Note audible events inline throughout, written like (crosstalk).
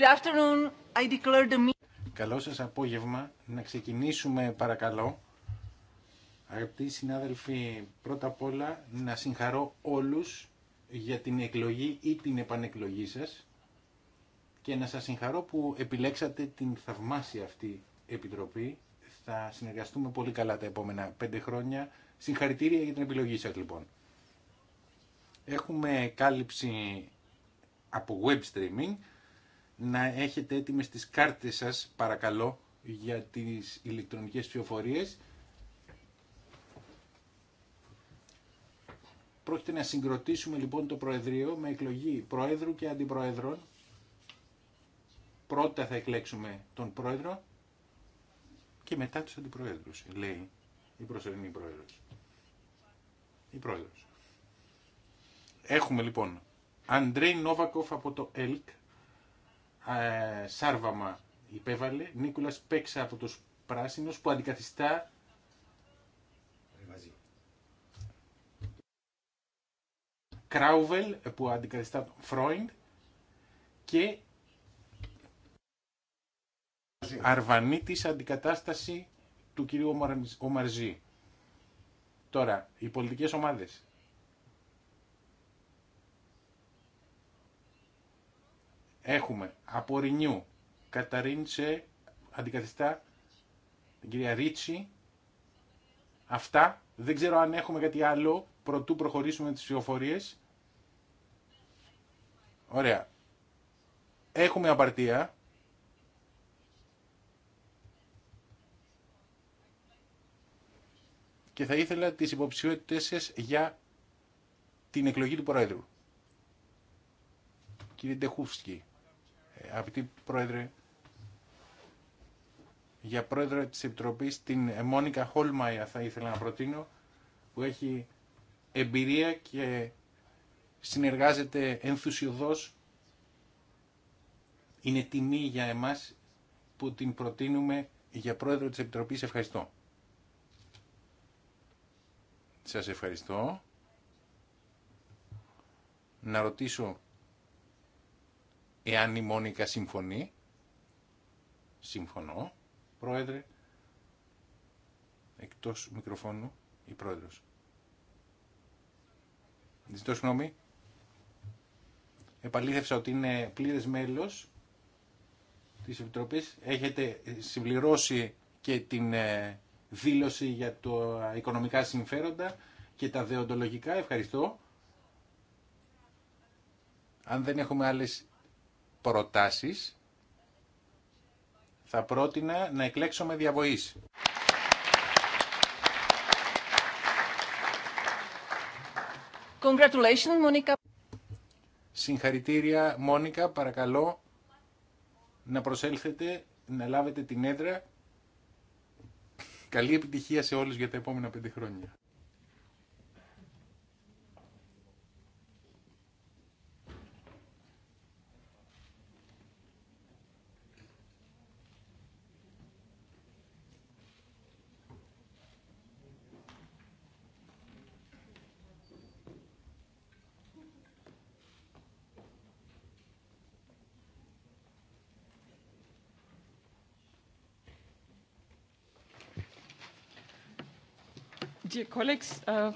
Good afternoon. Καλό σας απόγευμα. Να ξεκινήσουμε παρακαλώ. Αγαπητοί συνάδελφοι, πρώτα απ' όλα να συγχαρώ όλους για την εκλογή ή την επανεκλογή σας και να σας συγχαρώ που επιλέξατε την θαυμάσια αυτή επιτροπή. Θα συνεργαστούμε πολύ καλά τα επόμενα πέντε χρόνια. Συγχαρητήρια για την επιλογή σας λοιπόν. Έχουμε κάλυψη από web streaming να έχετε έτοιμες τις κάρτες σας, παρακαλώ, για τις ηλεκτρονικές ψηφοφορίες. Πρόκειται να συγκροτήσουμε λοιπόν το Προεδρείο με εκλογή Προέδρου και Αντιπροέδρων. Πρώτα θα εκλέξουμε τον Πρόεδρο και μετά τους Αντιπροέδρους, λέει η προσωρινή Πρόεδρος. Η Πρόεδρος. Έχουμε λοιπόν Αντρέι Νόβακοφ από το ΕΛΚ, Σάρβαμα υπέβαλε, Νίκολας Πέξα από τους Πράσινους που αντικαθιστά Κράουβελ που αντικαθιστά Φρόιντ και Αρβανίτης αντικατάσταση του κυρίου Ομαρζή. Τώρα, οι πολιτικές ομάδες. Έχουμε από Ρινιού Καταρίντσε αντικαθιστά την κυρία Ρίτσι. Αυτά. Δεν ξέρω αν έχουμε κάτι άλλο προτού προχωρήσουμε τις ψηφοφορίες. Ωραία. Έχουμε απαρτία. Και θα ήθελα τις υποψηφιότητες σας για την εκλογή του Πρόεδρου. Κύριε Ντεχούφσκι αγαπητή Πρόεδρε, για Πρόεδρο της Επιτροπής, την Μόνικα Χόλμαια θα ήθελα να προτείνω, που έχει εμπειρία και συνεργάζεται ενθουσιωδώς Είναι τιμή για εμάς που την προτείνουμε για Πρόεδρο της Επιτροπής. Ευχαριστώ. Σας ευχαριστώ. Να ρωτήσω Εάν η Μόνικα συμφωνεί, συμφωνώ, πρόεδρε, εκτός μικροφώνου η πρόεδρος. Ζητώ συγγνώμη. Επαλήθευσα ότι είναι πλήρες μέλος της Επιτροπής. Έχετε συμπληρώσει και την ε, δήλωση για το οικονομικά συμφέροντα και τα δεοντολογικά. Ευχαριστώ. Αν δεν έχουμε άλλες προτάσεις θα πρότεινα να εκλέξω διαβοής. Congratulations, Monica. Συγχαρητήρια, Μόνικα, παρακαλώ να προσέλθετε, να λάβετε την έδρα. Καλή επιτυχία σε όλους για τα επόμενα πέντε χρόνια. Uh,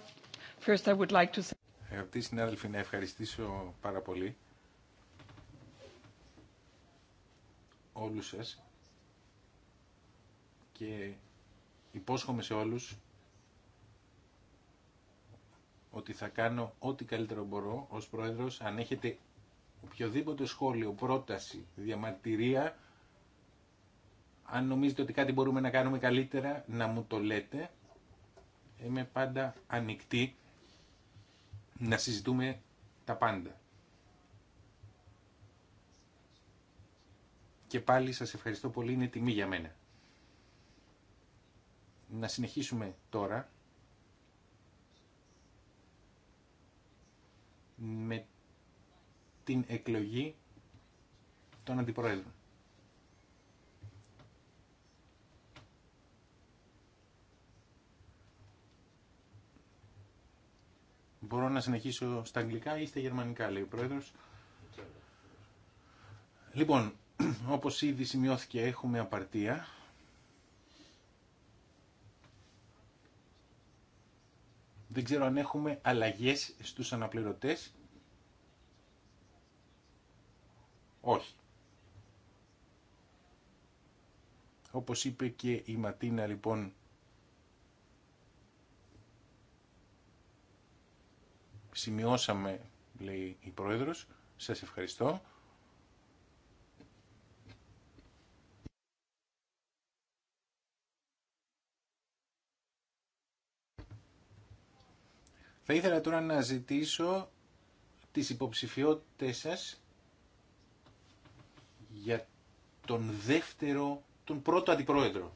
Αγαπητοί συνάδελφοι, να ευχαριστήσω πάρα πολύ όλους σας και υπόσχομαι σε όλους ότι θα κάνω ό,τι καλύτερο μπορώ ως Πρόεδρος αν έχετε οποιοδήποτε σχόλιο, πρόταση, διαμαρτυρία αν νομίζετε ότι κάτι μπορούμε να κάνουμε καλύτερα να μου το λέτε είμαι πάντα ανοιχτή να συζητούμε τα πάντα. Και πάλι σας ευχαριστώ πολύ, είναι τιμή για μένα. Να συνεχίσουμε τώρα με την εκλογή των αντιπρόεδρων. Μπορώ να συνεχίσω στα αγγλικά ή στα γερμανικά, λέει ο Πρόεδρος. Λοιπόν, οπω (clears throat) ήδη σημειώθηκε, έχουμε απαρτία. Δεν ξέρω αν έχουμε αλλαγές στους αναπληρωτές. Όχι. Όπως είπε και η Ματίνα, λοιπόν, Σημειώσαμε, λέει η Πρόεδρος. Σας ευχαριστώ. Θα ήθελα τώρα να ζητήσω τις υποψηφιότητες σας για τον δεύτερο, τον πρώτο αντιπρόεδρο.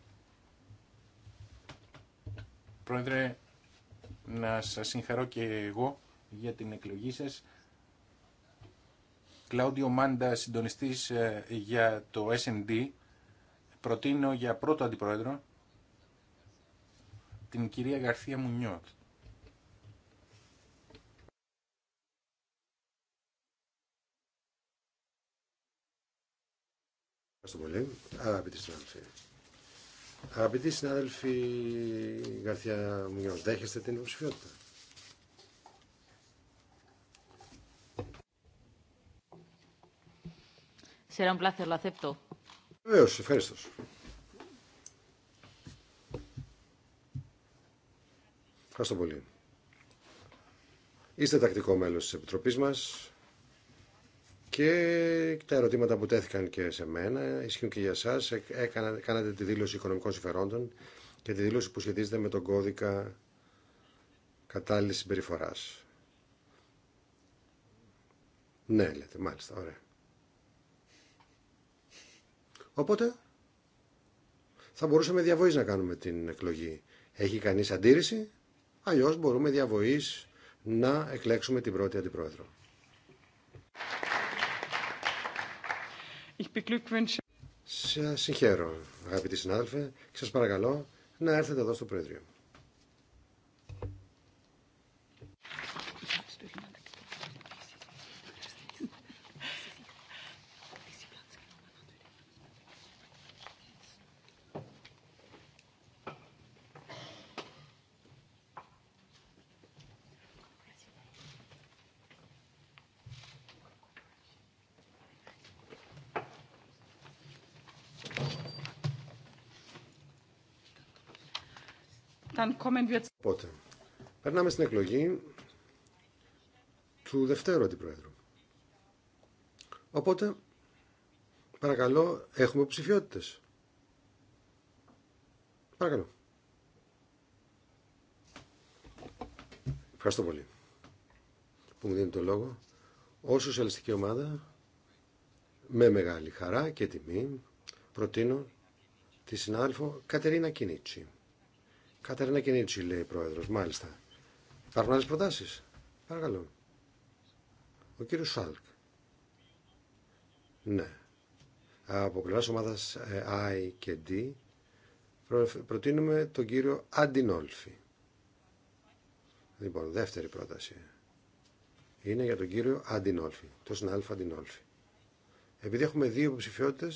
Πρόεδρε, να σας συγχαρώ και εγώ για την εκλογή σας. Κλάουντιο Μάντα, συντονιστής ε, για το S&D, προτείνω για πρώτο αντιπρόεδρο την κυρία Γαρθία Μουνιώτ. Ευχαριστώ πολύ. Αγαπητοί συνάδελφοι. Αγαπητοί συνάδελφοι, Γαρθία Μουνιώτ δέχεστε την υποψηφιότητα. Será un placer, lo acepto. Βεβαίως, ευχαριστώ. Ευχαριστώ πολύ. Είστε τακτικό μέλος της Επιτροπής μας και τα ερωτήματα που τέθηκαν και σε μένα ισχύουν και για σας. Ε, κάνατε τη δήλωση οικονομικών συμφερόντων και τη δήλωση που σχετίζεται με τον κώδικα κατάλληλης συμπεριφοράς. Ναι, λέτε, μάλιστα, ωραία. Οπότε θα μπορούσαμε διαβοή να κάνουμε την εκλογή. Έχει κάνει αντίρρηση, Αλλιώ μπορούμε διαβοή να εκλέξουμε την πρώτη αντιπρόεδρο. Σα συγχαίρω αγαπητοί συνάδελφοι, και σα παρακαλώ να έρθετε εδώ στο Προεδρείο. Οπότε, περνάμε στην εκλογή του δευτέρου αντιπρόεδρου. Οπότε, παρακαλώ, έχουμε ψηφιότητε. Παρακαλώ. Ευχαριστώ πολύ που μου δίνει το λόγο. Ω σοσιαλιστική ομάδα, με μεγάλη χαρά και τιμή, προτείνω τη συνάδελφο Κατερίνα Κινίτσι. Κατερίνα Κινίτσι, λέει η πρόεδρο. Μάλιστα. Υπάρχουν άλλε προτάσει. Παρακαλώ. Ο κύριο Σάλκ. Ναι. Από πλευρά ομάδα ε, I και D προτείνουμε τον κύριο Αντινόλφη. Λοιπόν, δεύτερη πρόταση. Είναι για τον κύριο Αντινόλφη. Το συνάλφα Αντινόλφη. Επειδή έχουμε δύο υποψηφιότητε,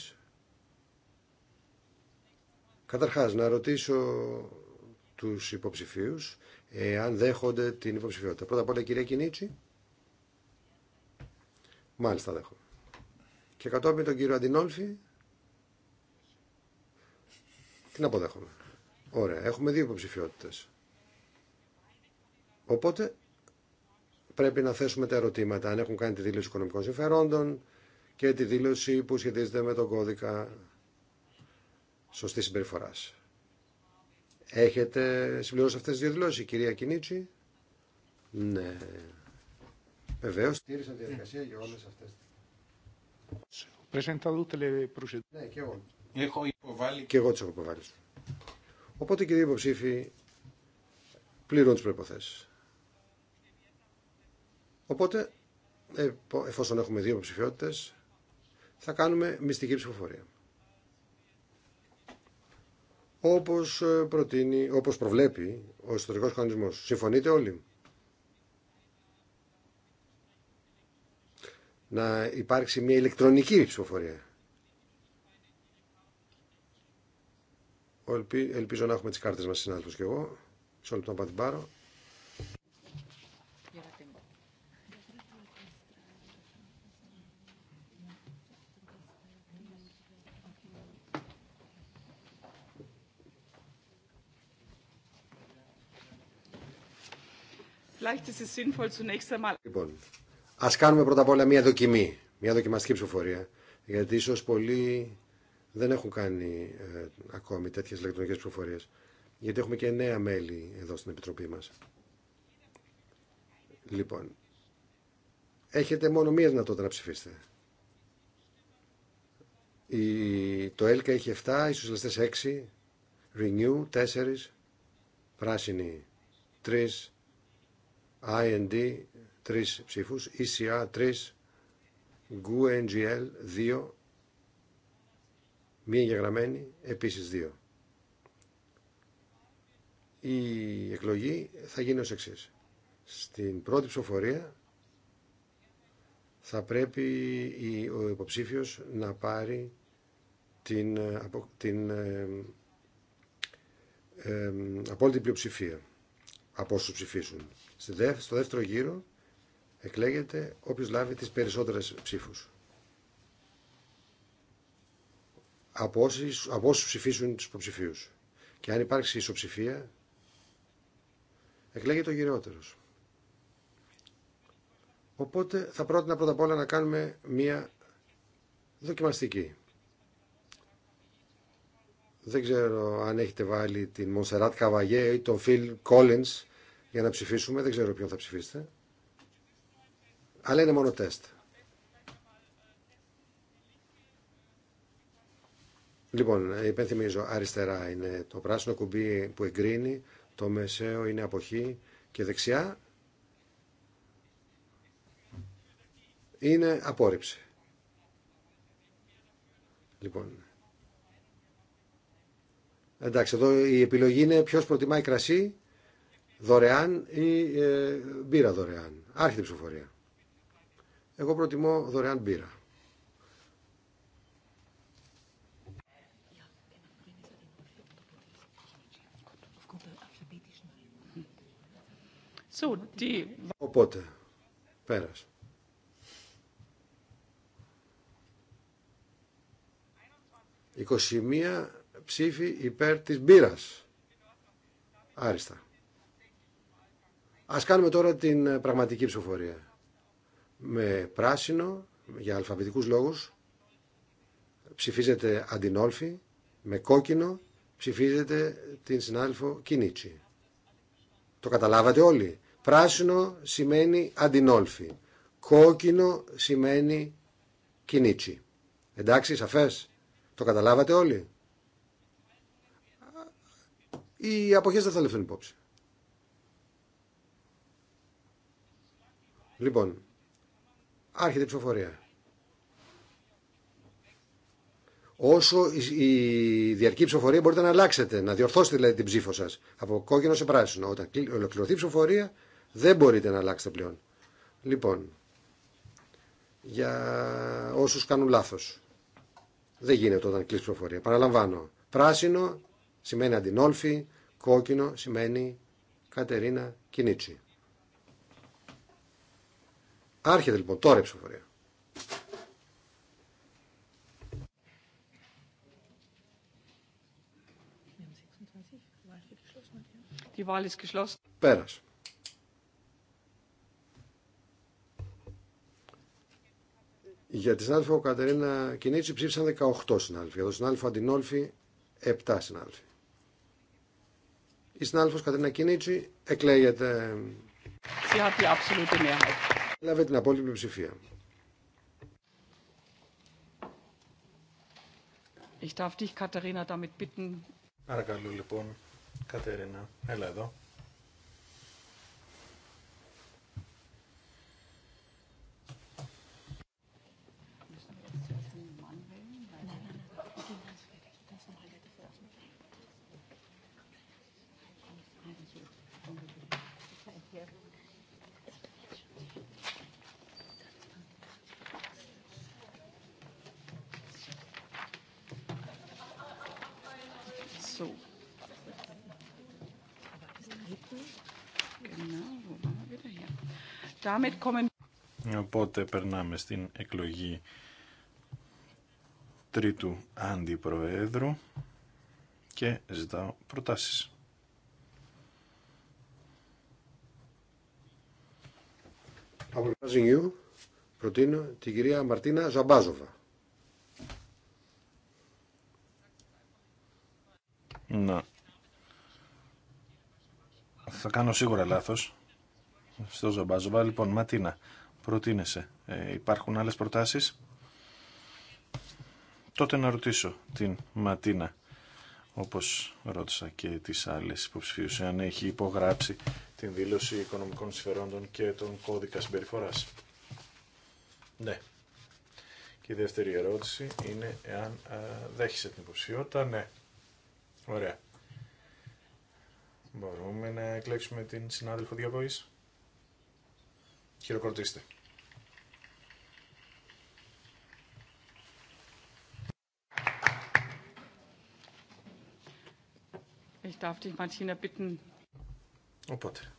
Καταρχάς, να ρωτήσω τους υποψηφίους αν δέχονται την υποψηφιότητα. Πρώτα απ' όλα κυρία Κινίτσι. Μάλιστα δέχομαι. Και κατόπιν τον κύριο Αντινόλφη. Την αποδέχομαι. Ωραία. Έχουμε δύο υποψηφιότητε. Οπότε πρέπει να θέσουμε τα ερωτήματα αν έχουν κάνει τη δήλωση οικονομικών συμφερόντων και τη δήλωση που σχετίζεται με τον κώδικα σωστή συμπεριφοράς. Έχετε συμπληρώσει αυτές τις δύο δηλώσεις, κυρία Κινίτσι. Ναι. Βεβαίως, στήρισα διαδικασία για όλες αυτές. Ναι, και εγώ. Έχω υποβάλει. Και εγώ τις έχω υποβάλει. Οπότε, κύριε υποψήφοι, πληρώνω τις προϋποθέσεις. Οπότε, ε, εφόσον έχουμε δύο υποψηφιότητες, θα κάνουμε μυστική ψηφοφορία όπως, ε, προτείνει, όπως προβλέπει ο ιστορικός κανονισμός. Συμφωνείτε όλοι. Να υπάρξει μια ηλεκτρονική ψηφοφορία. Ελπίζω να έχουμε τις κάρτες μας συνάδελφος και εγώ. Σε όλο τον πάρω. Λοιπόν, α κάνουμε πρώτα απ' όλα μία δοκιμή, μία δοκιμαστική ψηφοφορία. Γιατί ίσω πολλοί δεν έχουν κάνει ε, ακόμη τέτοιε ηλεκτρονικέ ψηφοφορίε. Γιατί έχουμε και νέα μέλη εδώ στην Επιτροπή μα. Λοιπόν, έχετε μόνο μία δυνατότητα να ψηφίσετε. Η, το ΕΛΚΑ είχε 7, οι σοσιαλιστέ 6, Renew 4, πράσινη 3, IND 3 ψήφους, ECA 3, GUE NGL 2, μη εγγεγραμμένη επίσης 2. Η εκλογή θα γίνει ως εξής. Στην πρώτη ψηφοφορία θα πρέπει ο υποψήφιος να πάρει την, την ε, απόλυτη πλειοψηφία από όσους ψηφίσουν. Στο δεύτερο γύρο εκλέγεται όποιος λάβει τις περισσότερες ψήφου. Από, όσους, ψηφίσουν τους υποψηφίου. Και αν υπάρξει ισοψηφία, εκλέγεται ο γυρεότερος. Οπότε θα πρότεινα πρώτα απ' όλα να κάνουμε μία δοκιμαστική. Δεν ξέρω αν έχετε βάλει την Μονσεράτ Καβαγέ ή τον Φιλ Κόλινς για να ψηφίσουμε. Δεν ξέρω ποιον θα ψηφίσετε. Αλλά είναι μόνο τεστ. Λοιπόν, υπενθυμίζω, αριστερά είναι το πράσινο κουμπί που εγκρίνει, το μεσαίο είναι αποχή και δεξιά είναι απόρριψη. Λοιπόν, εντάξει, εδώ η επιλογή είναι ποιος προτιμάει κρασί Δωρεάν ή ε, μπύρα δωρεάν. Άρχεται η ψηφοφορία. Εγώ προτιμώ δωρεάν μπύρα. Οπότε, πέρασε. 21 ψήφοι υπέρ της μπύρας. Άριστα. Ας κάνουμε τώρα την ε, πραγματική ψηφοφορία. Με πράσινο, για αλφαβητικούς λόγους, ψηφίζεται Αντινόλφη, με κόκκινο ψηφίζεται την συνάδελφο Κινίτσι. Το καταλάβατε όλοι. Πράσινο σημαίνει Αντινόλφη. Κόκκινο σημαίνει Κινίτσι. Εντάξει, σαφές. Το καταλάβατε όλοι. Οι αποχές δεν θα λεφθούν υπόψη. Λοιπόν, άρχεται η ψηφοφορία. Όσο η διαρκή ψηφοφορία μπορείτε να αλλάξετε, να διορθώσετε δηλαδή την ψήφο σα από κόκκινο σε πράσινο. Όταν ολοκληρωθεί η ψηφοφορία δεν μπορείτε να αλλάξετε πλέον. Λοιπόν, για όσους κάνουν λαθο Δεν γίνεται όταν κλείσει ψηφοφορία. Παραλαμβάνω. Πράσινο σημαίνει αντινόλφη, κόκκινο σημαίνει Κατερίνα Κινίτσι. Άρχεται λοιπόν τώρα η ψηφοφορία. Πέρασε. Για τη συνάδελφο Κατερίνα Κινίτσι ψήφισαν 18 συνάδελφοι. Για τον συνάδελφο Αντινόλφη 7 συνάδελφοι. Η συνάδελφος Κατερίνα Κινίτσι εκλέγεται. Sie hat die έλαβε την απόλυτη πλειοψηφία. Ich darf dich, Katharina, damit bitten. Παρακαλώ λοιπόν, Κατερίνα, έλα εδώ. Οπότε περνάμε στην εκλογή τρίτου αντιπροέδρου και ζητάω προτάσεις. Από το προτείνω την κυρία Μαρτίνα Ζαμπάζοβα. Να θα κάνω σίγουρα λάθος στο Ζαμπάζοβα. Λοιπόν, Ματίνα, προτείνεσαι. Ε, υπάρχουν άλλες προτάσεις. Τότε να ρωτήσω την Ματίνα, όπως ρώτησα και τις άλλες υποψηφίου, αν έχει υπογράψει την δήλωση οικονομικών συμφερόντων και τον κώδικα συμπεριφορά. Ναι. Και η δεύτερη ερώτηση είναι εάν α, ε, δέχεσαι την υποψηφιότητα. Ναι. Ωραία. Μπορούμε να εκλέψουμε την συνάδελφο διαβοής. Χειροκροτήστε. Ich darf dich, Martina, bitten. Οπότε,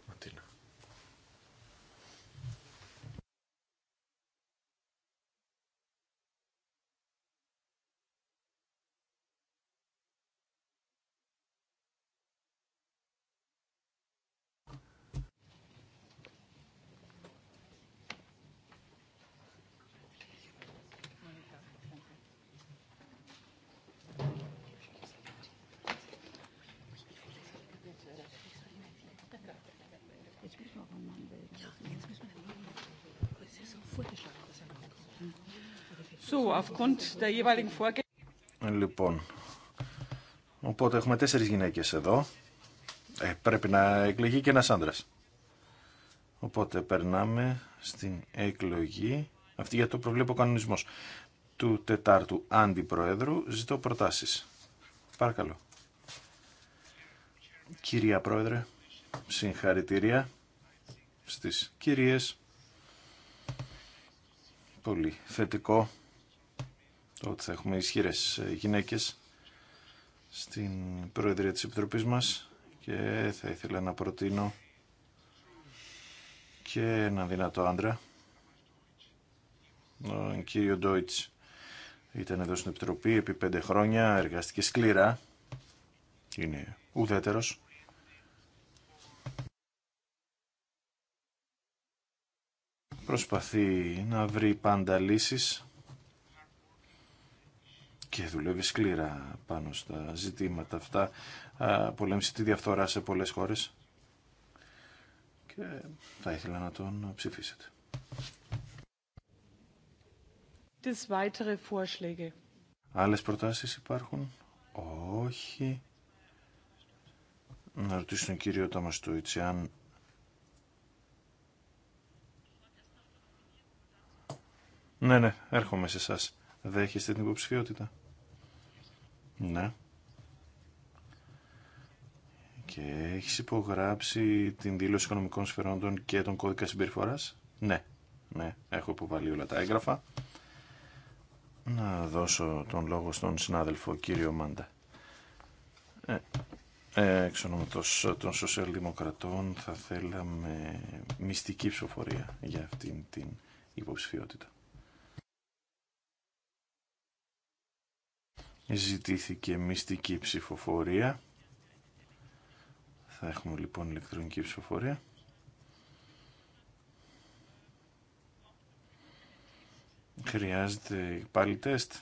Λοιπόν, οπότε έχουμε τέσσερις γυναίκες εδώ. Ε, πρέπει να εκλεγεί και ένας άντρας. Οπότε περνάμε στην εκλογή, αυτή για το πρόβλημα ο του τετάρτου αντιπροέδρου. Ζητώ προτάσεις. Παρακαλώ. Κυρία Πρόεδρε, συγχαρητήρια στις κυρίες. Πολύ θετικό το ότι θα έχουμε ισχυρές ε, γυναίκες στην Προεδρία της Επιτροπής μας και θα ήθελα να προτείνω και έναν δυνατό άντρα, Ο κύριο Ντόιτς. Ήταν εδώ στην Επιτροπή επί πέντε χρόνια, εργαστηκε σκληρά, είναι ουδέτερος προσπαθεί να βρει πάντα λύσεις και δουλεύει σκληρά πάνω στα ζητήματα αυτά. Πολέμησε τη διαφθορά σε πολλές χώρες και θα ήθελα να τον ψηφίσετε. Άλλες προτάσεις υπάρχουν. Όχι. Να ρωτήσω τον κύριο Ταμαστούιτση αν Ναι, ναι, έρχομαι σε εσά. Δέχεστε την υποψηφιότητα. Ναι. Και έχει υπογράψει την δήλωση οικονομικών σφαιρόντων και τον κώδικα συμπεριφορά. Ναι, ναι, έχω υποβάλει όλα τα έγγραφα. Να δώσω τον λόγο στον συνάδελφο κύριο Μάντα. Ε, ε εξ ονόματος των σοσιαλδημοκρατών θα θέλαμε μυστική ψηφοφορία για αυτήν την υποψηφιότητα. Ζητήθηκε μυστική ψηφοφορία. Θα έχουμε λοιπόν ηλεκτρονική ψηφοφορία. Χρειάζεται πάλι τεστ.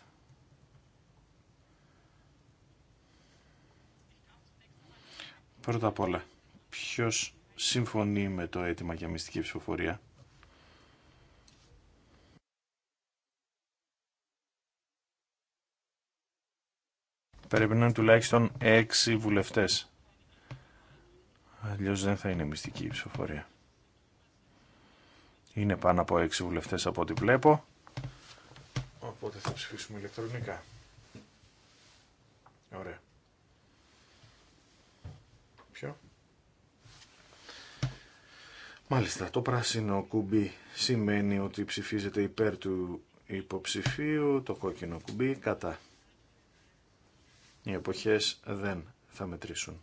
Πρώτα απ' όλα, ποιος συμφωνεί με το αίτημα για μυστική ψηφοφορία. Πρέπει να είναι τουλάχιστον έξι βουλευτές. Αλλιώ δεν θα είναι μυστική η ψηφοφορία. Είναι πάνω από έξι βουλευτές από ό,τι βλέπω. Οπότε θα ψηφίσουμε ηλεκτρονικά. Ωραία. Ποιο? Μάλιστα, το πράσινο κουμπί σημαίνει ότι ψηφίζεται υπέρ του υποψηφίου, το κόκκινο κουμπί κατά. Οι εποχές δεν θα μετρήσουν.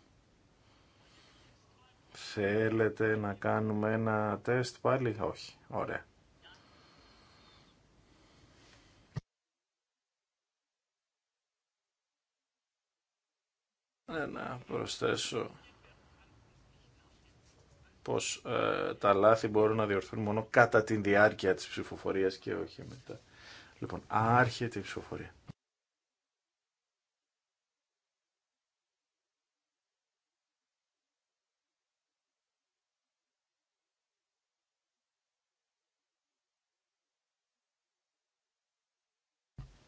Θέλετε να κάνουμε ένα τεστ πάλι, όχι. Ωραία. Ε, να προσθέσω πως ε, τα λάθη μπορούν να διορθούν μόνο κατά τη διάρκεια της ψηφοφορίας και όχι μετά. Λοιπόν, άρχεται η ψηφοφορία.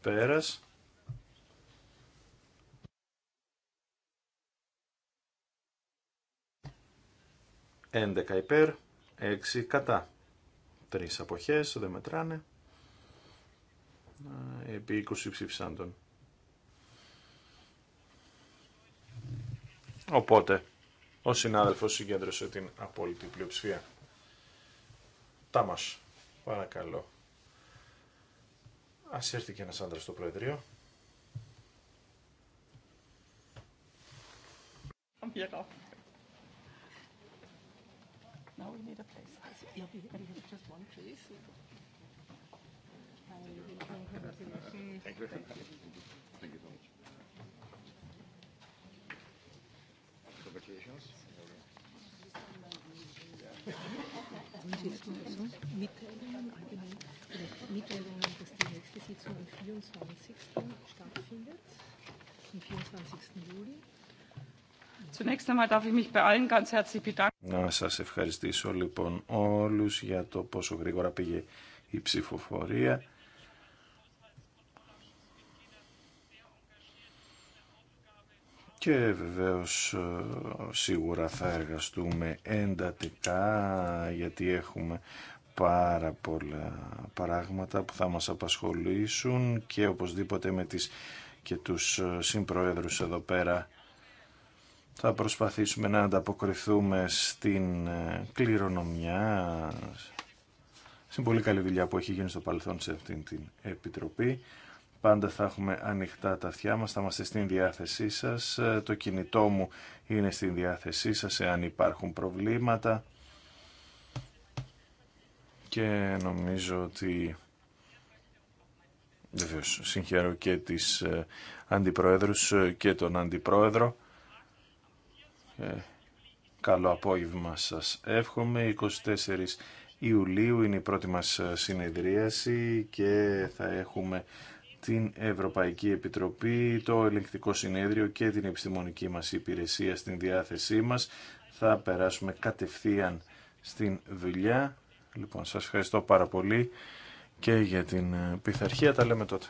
Πέρας. Έντεκα υπέρ, 6 κατά. Τρεις αποχές, δεν μετράνε. Ε, επί 20 ψήφισαν Οπότε, ο συνάδελφος συγκέντρωσε την απόλυτη πλειοψηφία. Τάμας, παρακαλώ. Ας έρθει και ένας άντρας στο Προεδρείο. Mitteilungen, Mitteilungen, dass die nächste Sitzung am 24. stattfindet, am 24. Juli. Zunächst einmal darf ich mich bei allen ganz herzlich bedanken. Να σας ευχαριστήσω λοιπόν όλους για το πόσο γρήγορα πήγε η ψηφοφορία. Και βεβαίως ε, σίγουρα θα εργαστούμε εντατικά γιατί έχουμε πάρα πολλά πράγματα που θα μας απασχολήσουν και οπωσδήποτε με τις και τους ε, συμπροέδρους εδώ πέρα θα προσπαθήσουμε να ανταποκριθούμε στην ε, κληρονομιά, στην πολύ καλή δουλειά που έχει γίνει στο παρελθόν σε αυτήν την Επιτροπή. Πάντα θα έχουμε ανοιχτά τα αυτιά μας, θα είμαστε στην διάθεσή σας. Ε, το κινητό μου είναι στην διάθεσή σας εάν υπάρχουν προβλήματα. Και νομίζω ότι Βεβαίω, συγχαίρω και τις ε, αντιπροέδρους ε, και τον αντιπρόεδρο. καλό απόγευμα σας εύχομαι. 24 Ιουλίου είναι η πρώτη μας συνεδρίαση και θα έχουμε την Ευρωπαϊκή Επιτροπή, το Ελεγκτικό Συνέδριο και την επιστημονική μας υπηρεσία στην διάθεσή μας. Θα περάσουμε κατευθείαν στην δουλειά. Λοιπόν, σας ευχαριστώ πάρα πολύ και για την ε, πειθαρχία. Τα λέμε τότε.